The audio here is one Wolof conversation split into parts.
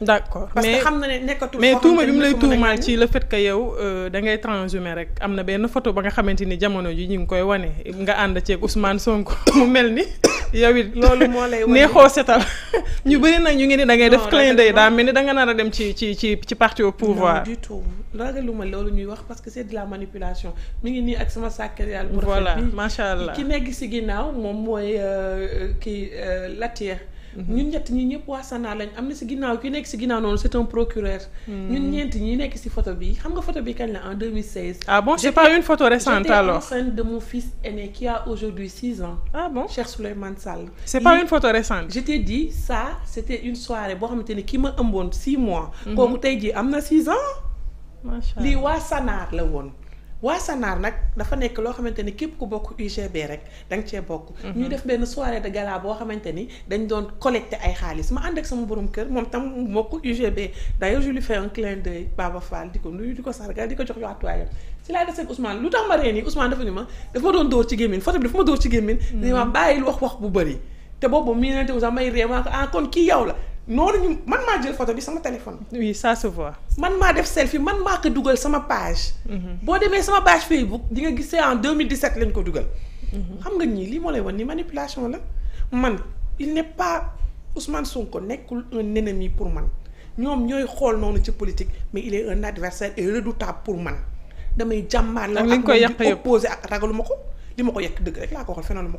d'accord mais xam na ne nekkatul mais tuuma bi mu lay tuumaal ci le fait que yow euh, da ngay transhumé rek am na benn photo ba nga xamante ni jamono ji ñu ngi koy wane nga ànd ceeg Ousmane Sonko mu mel ni yow it loolu moo lay wane neexoo setal ñu bëri nag ñu ngi ni da ngay def clin d'œil daa mel ni da nga nar a dem ci ci ci ci parti au pouvoir du tout ragaluma loolu ñuy wax parce que c'est la manipulation mi ngi nii ak sama sàkkar yàlla voilà macha allah ki nekk si ginnaaw moom mooy euh, euh, kii Latir Mm-hmm. ñun ñett ñi ñëpp waa Sanaa lañ am na si ginnaaw ki nekk si ginnaaw noonu c'est un procureur. Mm-hmm. ñun ñeent ñi nekk si photo bi xam nga photo bi kañ la en 2016. ah bon c'est pas une photo récente alors j'étais enceinte de mon fils aîné qui a aujourd'hui 6 ans. ah bon cher Souleymane Sall. c'est pas une photo récente. je t'ai dit ça c'était une soirée boo xamante ni ki ma ëmboon 6 mois. Mm-hmm. kooku tey jii am na 6 ans. macha allah lii waa Sanaa la woon waa Sanar nag dafa nek lo xamanteni kep képp ku bokk UGB rek dang ci bokk. Mhm. ñu def ben soirée de gala bo xamanteni dañ doon collecter ay xaaliss ma and ak sama borom kër mom tam moko UGB d'ailleurs je lui fais un clin d'œil Baba Fall diko ko nuyu di ko diko jox ko jox waatuwaayam si de desee Ousmane lutax ma reen Ousmane dafa ni ma dafa doon door ci gémmiñ photo bi dafa ma door ci gémmiñ. Mhm. ni ma bayil wax wax bu bari te bobu mi wu sax may ree maa ko ah kon ki yaw la. Non, ñu man ma jël photo bi sama téléphone. oui ça se voit. man ma def selfie man ma ko dugal sama page. Mhm. Bo démé sama page Facebook di nga gissé en 2017 lañ ko dugal. Mhm. xam nga ñii li moo lay wan ni manipulation la man il n'est pas Ousmane Sonko nekul un ennemi pour man Ñom ñoy xol nonu ci politique mais il est un adversaire et redoutable pour man damay jàmmaar la. ak li ñu opposé ak li yekk rek la ko xol feneen ma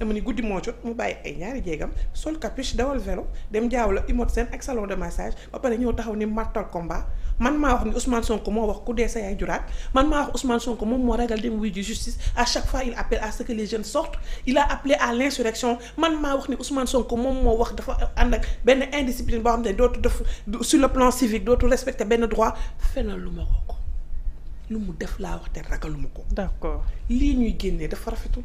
dama ni guddi moo jot mu bàyyi ay ñaari jéegam sol capuche dawal vélo dem jaaw la sen ak salon de massage ba paré ñëw taxaw ni martal combat man ma wax ni Ousmane Sonko mo wax ku dé sa yay juraat man ma wax Ousmane Sonko mom mo ragal dem wuy justice à chaque fois il appelle à ce que les jeunes sortent il a appelé à l'insurrection man ma wax ni Ousmane Sonko mom mo wax dafa ànd ak benn indiscipline bo xam ne def sur le plan civique dootu respecter ben droit fenal lu ma ko ko lu mu def la wax te ragaluma ko. d'accord li ñuy génnee dafa rafetul.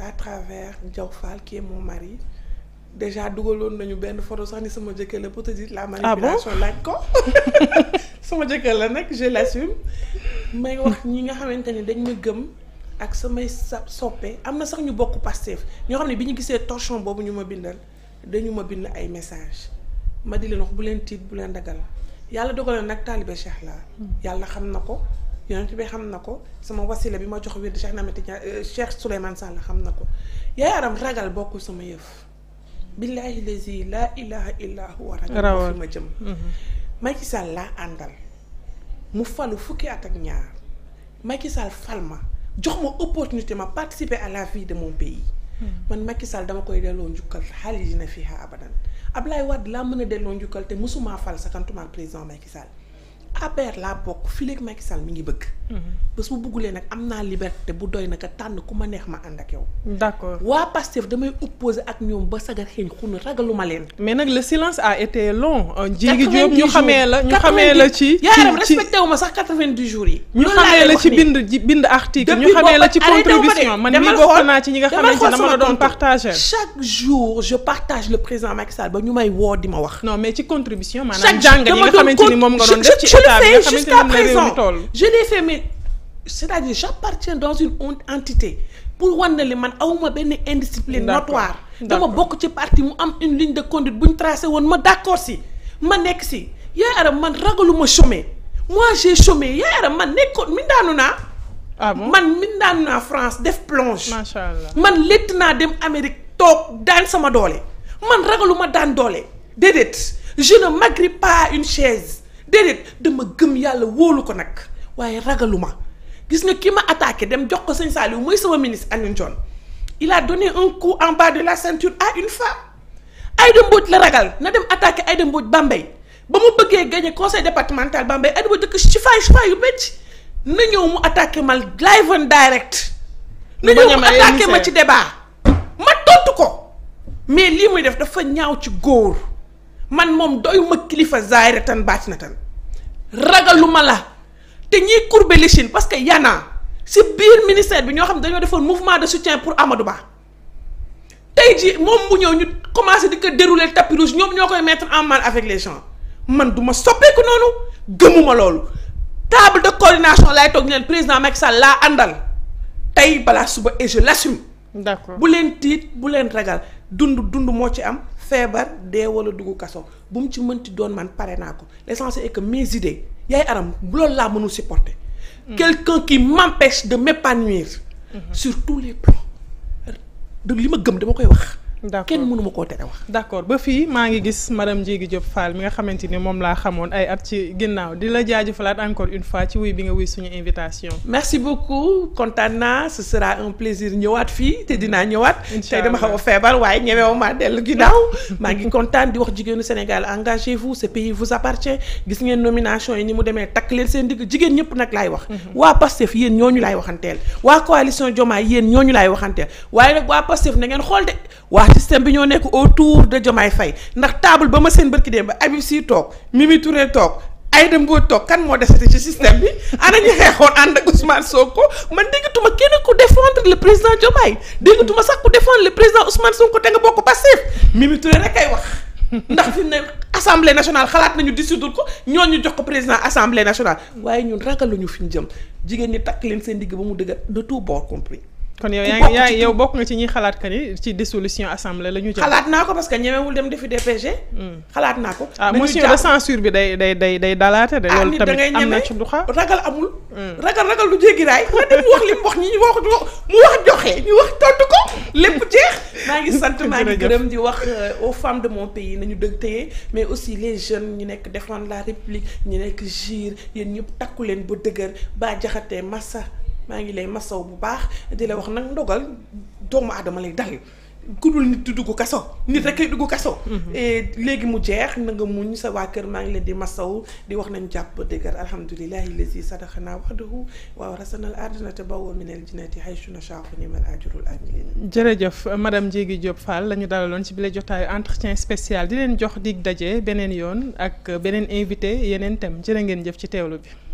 à travers Diaw qui est mon mari déjà dugaloon nañu benn photo sax ni sama jëkkër la pour te dire la ah manipulation laaj ko sama jëkkër la je l'assume may wax ñi nga xamante ne dañ ma gëm ak samay sa soppe am sax ñu bokku Pastef ñoo xam biñu bi torchon bobu ñu ma bindal dañu ma bind ay message ma di leen wax bu leen tiit bu leen dagal yalla dogaloon nak talibé Cheikh la hmm. yalla xam nako yonent bi xam na ko sama wasila bi ma jox wird Cheikh Ahmed Tidiane Cheikh Souleymane Sall xam na ko yaaram ragal bokkul sama yëf billahi lazi laa ilaha illa huwa ragal fi ma jëm Macky Sall laa àndal mu falu fukki at ak ñaar Macky Sall fal ma jox ma opportunité ma participer à la vie de mon pays man Macky Sall dama koy delloo njukkal xaalis dina fiiha abadan Ablaye Wade laa mën a delloo njukkal te mosumaa fal sakantumaan président Macky Sall APR laa bokk fii léegi Macky Sall mi ngi bëgg. Mhm. bés bu buggulee nag am naa liberté bu doy nak tan ku ma neex ma ànd ak yow. d'accord wa pasteur damay opposé ak ñoom ba sagar xëy xunu ragaluma leen. mais nak le silence a été long. Euh, jéegi Diop ñu xamé la ñu xamé la ci. ci yaaram respecté wu ma sax 90 jours yi. ñu xamé la ci bind bind article. ñu xamé la ci contribution man mi bokk na ci ñi nga xamé ci dama la doon partager chaque jour je partage le président Macky Sall ba ñu may wo di ma wax. non mais ci contribution maanaam jàngat yi nga xamante ni moom nga doon def ci sais jusqu'à présent je l'ai fait mais c'est-à-dire j'appartiens dans une entité pour un élément à man awuma benn indiscipline notoire dama bokk ci parti mu une ligne de conduite une trace. tracé me ma d'accord si ma nekk si Yaye Aram man ragaluma chômer moi j'ai chômé Hier Aram man nekkoon mindaanu naa ah bon man mindaanu en France def plonge macha man létt naa dem Amérique toog daan sama doole man ragaluma daan doole déedéet je ne m'agrippe pas une chaise déedéet dama gëm yàlla wóolu ko nag waaye ragaluma gis nga kii ma attaqué dem jox ko sëñ Saliou mooy sama ministre Alioune Thion il la donné un coup en bas de la ceinture a une femme Aïda Mbodj la ragal na dem attaqué Aïda Mbodj Bambey ba mu bëggee gagné conseil départemental Bambey Aïda Mbodj dëkk ci faay faay yu métti na ñëw mu attaqué ma live and direct. na ñëw mu attaqué ma ci débat ma tontu ko mais lii muy def dafa ñaaw ci góor. man moom doyuma kilifa zaahira tan na tan ragaluma la te ñiy courber l'échine parce que yana si biir ministère bi ñoo xam ne dañoo defoon mouvement de soutien pour Amadou Ba tey ji moom bu ñëw ñu commencé di ko dérouler tapis rouge ñoom ñoo koy mettre en man avec les gens man du ma soppeeku noonu gëmuma loolu table de coordination laay toog ñu leen président Macky Sall laa àndal tey balaa suba et je l'assume d'accord bu leen tiit bu leen ragal dund dund moo ci am feebar dee wala dugg kasso bu mu ci meunti doon man paré nako l'essentiel est que mes idées yay aram loolu la meunu supporter hmm. quelqu'un qui m'empêche de m'épanouir hmm. sur tous les plans de li ma gëm dama koy wax d'accord kenn mënu ma koo tere wax. d'accord ba fii maa ngi gis madame Diégui Diop Fall mi nga xamante ni moom laa xamoon ay at ci ginnaaw di la jaajëfalaat encore une fois ci wuy bi nga wuy suñu invitation. merci beaucoup kontaan naa ce sera un plaisir ñëwaat fii te dinaa ñëwaat. tey dama xaw a feebar waaye ñemewu ma dellu ginnaaw. maa ngi kontaan di wax jigéenu Sénégal engagez-vous ce pays vous appartient gis ngeen nomination yi ni mu demee takk leen seen digg jigéen ñëpp nag laay wax. Mhm. waa Pastef yéen ñooñu laay waxanteel. waa coalition Diomaye yéen ñooñu laay waxanteel waaye nag waa Pastef na ngeen xool de waa système bi ñoo autour de Diomaye Faye ndax table bama seen barki dem Mimi Touré Aïda kan système bi ana ñu Ousmane Sonko man défendre le président Diomaye sax défendre le président Ousmane Sonko té nga bokk passif Mimi Touré rek ay wax ndax fi assemblée nationale xalaat nañu dissoudre ko ñu jox ko président assemblée nationale ñun jëm de tout bord compris kon yow yaa ngi yow bokk nga ci ñi xalaat que ni ci dissolution assemblée la ñu jëm. xalaat naa ko parce que ñemewul dem defi DPG. Hmm. xalaat naa ko. ah motion de censure bi day day day day dalaate de. Ah, loolu tamit am na ci duxa ragal amul. Hmm. ragal ragal du jéggi raay man dañ wax li mu wax ñi ñu wax mu wax joxe ñu wax tontu ko lépp jeex. maa ngi sant maa ngi gërëm di wax euh, aux femmes de mon pays nañu dëgg téye mais aussi les jeunes ñu nekk défendre la république ñu nekk GIR yéen ñëpp takku leen ba dëgër ba jaxatee massa maa ngi lay massaw bu baax di lay wax nag ndogal doomu adama lay dal ku dul nit du dugg kaso nit rek lay dugg kaso mhm. léegi mu jeex na nga muñ sa waa kër maa ngi leen di masaw di wax nañ jàpp dëgër alhamdulilahi lazi sadaxanaa waxdahu waaw rasanal àddina te bawoo minel jinati haysu nashaahu nimal ajrul amilin jërëjëf madame Ndiéguy Diop faal la ñu loon ci bi la jotaayu entretien spécial di leen jox dig daje beneen yoon ak beneen invité yeneen thème jërë ngeen jëf ci teewlu bi